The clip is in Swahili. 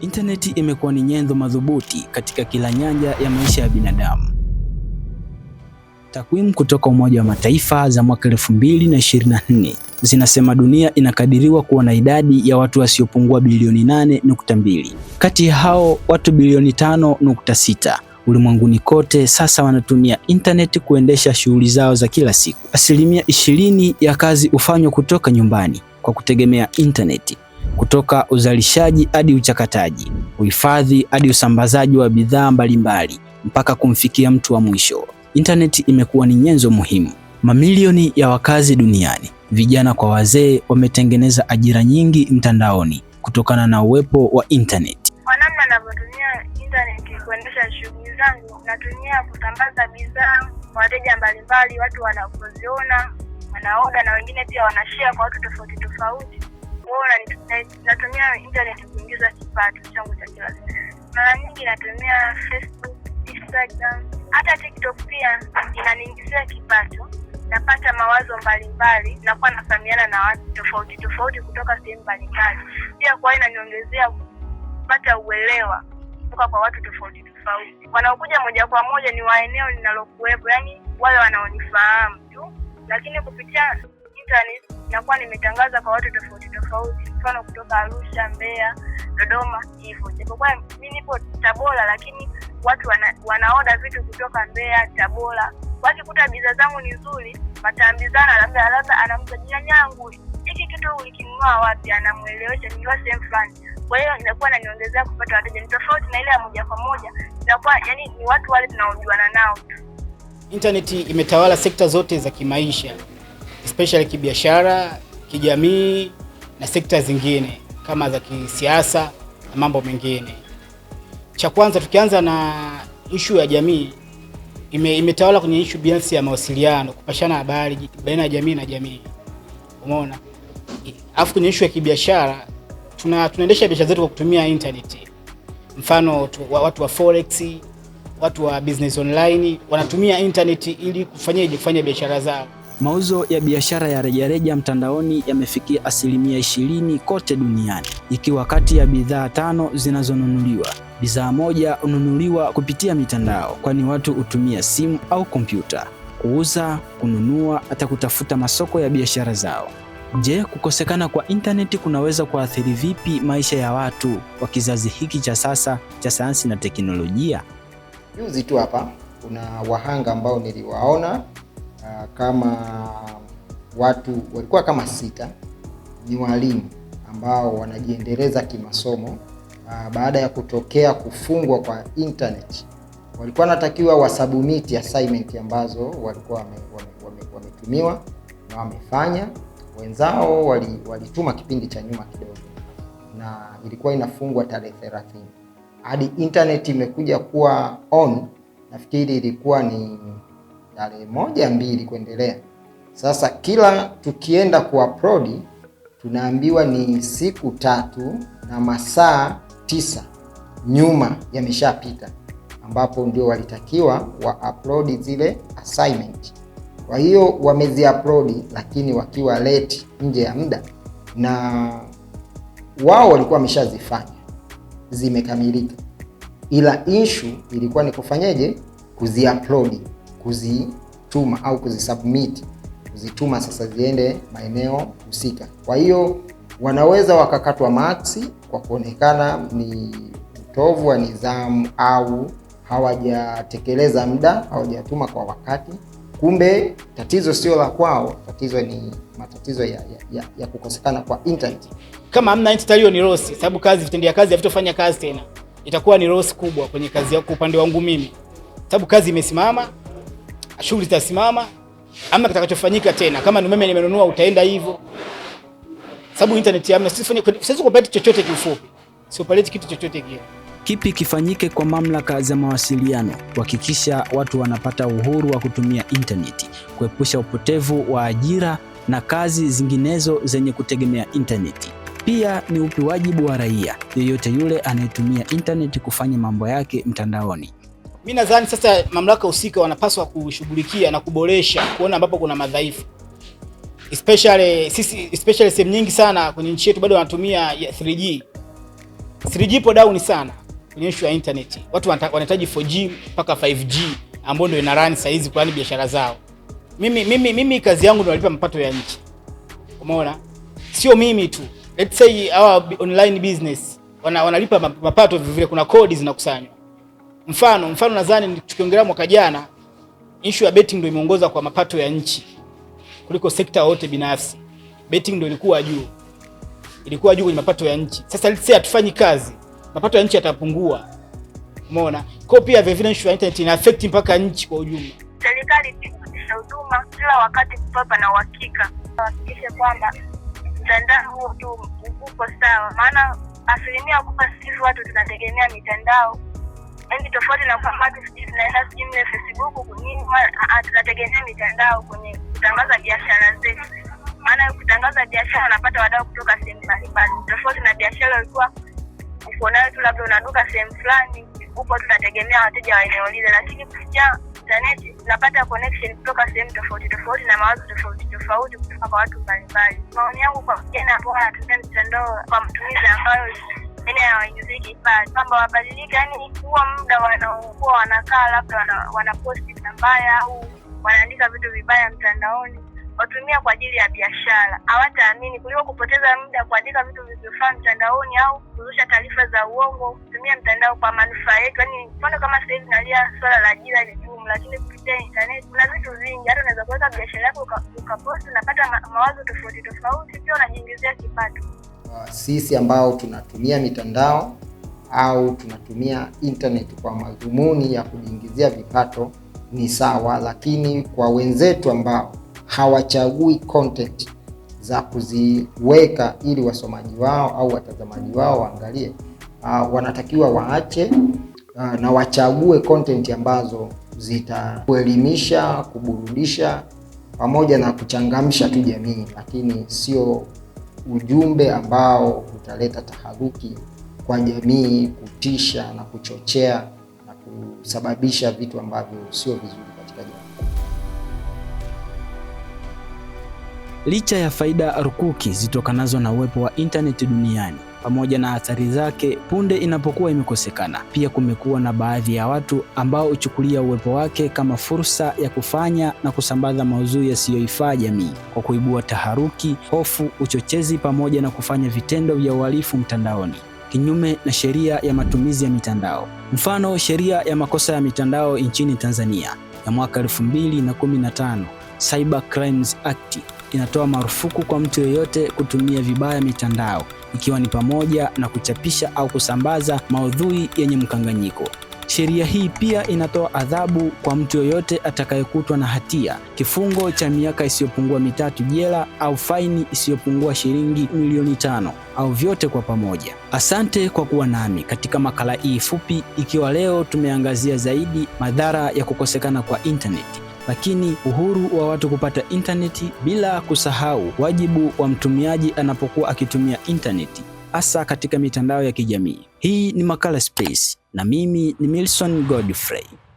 Intaneti imekuwa ni nyenzo madhubuti katika kila nyanja ya maisha ya binadamu. Takwimu kutoka Umoja wa Mataifa za mwaka 2024 zinasema dunia inakadiriwa kuwa na idadi ya watu wasiopungua bilioni 8.2. Kati ya hao watu bilioni 5.6 ulimwenguni kote sasa wanatumia intaneti kuendesha shughuli zao za kila siku. Asilimia 20 ya kazi hufanywa kutoka nyumbani kwa kutegemea intaneti kutoka uzalishaji hadi uchakataji, uhifadhi hadi usambazaji wa bidhaa mbalimbali mpaka kumfikia mtu wa mwisho. Intaneti imekuwa ni nyenzo muhimu. Mamilioni ya wakazi duniani, vijana kwa wazee, wametengeneza ajira nyingi mtandaoni kutokana na uwepo wa intaneti. Kwa namna ninavyotumia intaneti kuendesha shughuli zangu, natumia kusambaza bidhaa kwa wateja mbalimbali, watu wanapoziona wanaoda, na wengine pia wanashare kwa watu tofauti tofauti huwa natumia internet kuingiza kipato changu cha kila siku. Mara nyingi natumia Facebook, Instagram, hata TikTok pia inaniingizia kipato. Napata mawazo mbalimbali, nakuwa nafahamiana na watu tofauti tofauti kutoka sehemu mbalimbali, pia kwa inaniongezea kupata uelewa kutoka kwa watu tofauti tofauti wanaokuja moja kwa moja, ni waeneo linalokuwepo, yani wale wanaonifahamu tu, lakini kupitia unakuta nakuwa nimetangaza kwa watu tofauti tofauti, mfano kutoka Arusha, Mbeya, Dodoma hivyo, japokuwa mi nipo Tabora, lakini watu wana, wanaoda vitu kutoka Mbeya, Tabora. Wakikuta bidhaa zangu ni nzuri, wataambizana labda labda anamza jirani yangu, hiki kitu ulikinunua wapi? Anamwelewesha nikiwa sehemu fulani. Kwa hiyo inakuwa naniongezea kupata wateja, ni tofauti na ile ya moja kwa moja. Inakuwa yani ni watu wale tunaojuana nao. Intaneti imetawala sekta zote za kimaisha especially kibiashara, kijamii na sekta zingine kama za kisiasa na mambo mengine. Cha kwanza tukianza na ishu ya jamii ime, imetawala kwenye ishu binafsi ya mawasiliano, kupashana habari baina ya jamii na jamii, umeona. Alafu kwenye ishu ya kibiashara tuna, tunaendesha biashara zetu kwa kutumia internet. Mfano tu, watu wa forex, watu wa business online wanatumia internet ili kufanyaje, kufanya biashara zao. Mauzo ya biashara ya rejareja mtandaoni yamefikia asilimia ishirini kote duniani, ikiwa kati ya bidhaa tano zinazonunuliwa bidhaa moja hununuliwa kupitia mitandao, kwani watu hutumia simu au kompyuta kuuza, kununua, hata kutafuta masoko ya biashara zao. Je, kukosekana kwa intaneti kunaweza kuathiri vipi maisha ya watu wa kizazi hiki cha sasa cha sayansi na teknolojia? Juzi tu hapa kuna wahanga ambao niliwaona uh, kama watu walikuwa kama sita ni walimu ambao wanajiendeleza kimasomo uh, baada ya kutokea kufungwa kwa internet walikuwa wanatakiwa wasubmit assignment ambazo walikuwa wametumiwa wame, wame, wame na wamefanya. Wenzao walituma wali kipindi cha nyuma kidogo, na ilikuwa inafungwa tarehe 30 hadi internet imekuja kuwa on. Nafikiri ilikuwa ni tarehe moja mbili kuendelea. Sasa kila tukienda kuupload tunaambiwa ni siku tatu na masaa tisa nyuma yameshapita, ambapo ndio walitakiwa wa upload zile assignment. Kwa hiyo wamezi upload, lakini wakiwa late, nje ya muda, na wao walikuwa wameshazifanya zimekamilika, ila issue ilikuwa ni kufanyeje upload kuzituma au kuzisubmit, kuzituma sasa ziende maeneo husika. Kwa hiyo wanaweza wakakatwa maksi kwa kuonekana ni utovu wa nidhamu au hawajatekeleza muda, hawajatuma kwa wakati. Kumbe tatizo sio la kwao, tatizo ni matatizo ya, ya, ya ya kukosekana kwa internet. Kama hamna internet hiyo ni loss, sababu kazi, vitendea kazi havitofanya kazi tena, itakuwa ni loss kubwa kwenye kazi yako, upande wangu mimi, sababu kazi imesimama shughuli zitasimama ama kitakachofanyika tena, kama ni umeme nimenunua utaenda hivyo, sababu internet hamna. Siwezi kupata chochote sio siopaleti kitu chochote kile. Kipi kifanyike kwa mamlaka za mawasiliano kuhakikisha watu wanapata uhuru wa kutumia intaneti, kuepusha upotevu wa ajira na kazi zinginezo zenye kutegemea intaneti? Pia ni upi wajibu wa raia yeyote yule anayetumia intaneti kufanya mambo yake mtandaoni? Mimi nadhani sasa mamlaka husika wanapaswa kushughulikia na kuboresha kuona ambapo kuna madhaifu. Especially sisi especially sehemu nyingi sana kwenye nchi yetu bado wanatumia 3G. 3G ipo down sana kwenye issue ya internet. Watu wanahitaji 4G mpaka 5G ambayo ndio ina run saa hizi kwa biashara zao. Mimi mimi mimi kazi yangu ndio nalipa mapato ya nchi. Umeona? Sio mimi tu. Let's say our online business wana, wanalipa mapato vile vile kuna kodi zinakusanywa. Mfano mfano nadhani tukiongelea mwaka jana issue ya betting ndio imeongoza kwa mapato ya nchi kuliko sekta yote binafsi. Betting ndio ilikuwa juu. Ilikuwa juu kwenye mapato ya nchi. Sasa let's say hatufanyi kazi, mapato ya nchi yatapungua. Umeona? Kwa pia vile vile issue ya internet ina affect mpaka nchi kwa ujumla. Serikali itakwisha huduma kila wakati kupapa na uhakika. Hakikisha kwamba mtandao huo tu uko sawa maana asilimia kubwa sisi watu tunategemea mitandao yani tofauti na kwa watu sijui tunaenda sijui mle Facebook nini, tunategemea mitandao kwenye kutangaza biashara zetu. Maana kutangaza biashara unapata wadau kutoka sehemu mbalimbali, tofauti na biashara ilikuwa uko nayo tu, labda unaduka sehemu fulani, huko tunategemea wateja wa eneo lile, lakini kupitia intaneti unapata connection kutoka sehemu tofauti tofauti na mawazo tofauti tofauti kutoka kwa watu mbalimbali. Maoni yangu kwa vijana ambao wanatumia mitandao kwa matumizi ambayo ya wanyuziki kifaa kwamba wabadilike, yani huo muda wanaokuwa wanakaa labda wanaposti wana mbaya au wanaandika vitu vibaya mtandaoni watumia kwa ajili ya biashara, hawataamini kuliko kupoteza muda kuandika vitu visivyofaa mtandaoni au kuzusha taarifa za uongo. Kutumia mtandao kwa manufaa yetu, yani mfano kama sasa hivi nalia swala la ajira ni gumu, lakini kupitia internet kuna vitu vingi. Hata unaweza kuweka biashara yako ukaposti, unapata mawazo tofauti tofauti, pia unajiingizia kipato uh, sisi ambao tunatumia mitandao au tunatumia internet kwa madhumuni ya kujiingizia vipato ni sawa, lakini kwa wenzetu ambao hawachagui content za kuziweka ili wasomaji wao au watazamaji wao waangalie, uh, wanatakiwa waache uh, na wachague content ambazo zitakuelimisha, kuburudisha pamoja na kuchangamsha tu jamii, lakini sio ujumbe ambao utaleta taharuki kwa jamii, kutisha na kuchochea na kusababisha vitu ambavyo sio vizuri katika jamii. Licha ya faida rukuki zitokanazo na uwepo wa intaneti duniani pamoja na athari zake punde inapokuwa imekosekana. Pia kumekuwa na baadhi ya watu ambao huchukulia uwepo wake kama fursa ya kufanya na kusambaza maudhui yasiyoifaa jamii kwa kuibua taharuki, hofu, uchochezi pamoja na kufanya vitendo vya uhalifu mtandaoni kinyume na sheria ya matumizi ya mitandao. Mfano, sheria ya makosa ya mitandao nchini Tanzania ya mwaka 2015, Cyber Crimes Act inatoa marufuku kwa mtu yeyote kutumia vibaya mitandao ikiwa ni pamoja na kuchapisha au kusambaza maudhui yenye mkanganyiko. Sheria hii pia inatoa adhabu kwa mtu yoyote atakayekutwa na hatia, kifungo cha miaka isiyopungua mitatu jela au faini isiyopungua shilingi milioni tano au vyote kwa pamoja. Asante kwa kuwa nami katika makala hii fupi, ikiwa leo tumeangazia zaidi madhara ya kukosekana kwa intaneti lakini uhuru wa watu kupata intaneti, bila kusahau wajibu wa mtumiaji anapokuwa akitumia intaneti, hasa katika mitandao ya kijamii. Hii ni Makala Space na mimi ni Milson Godfrey.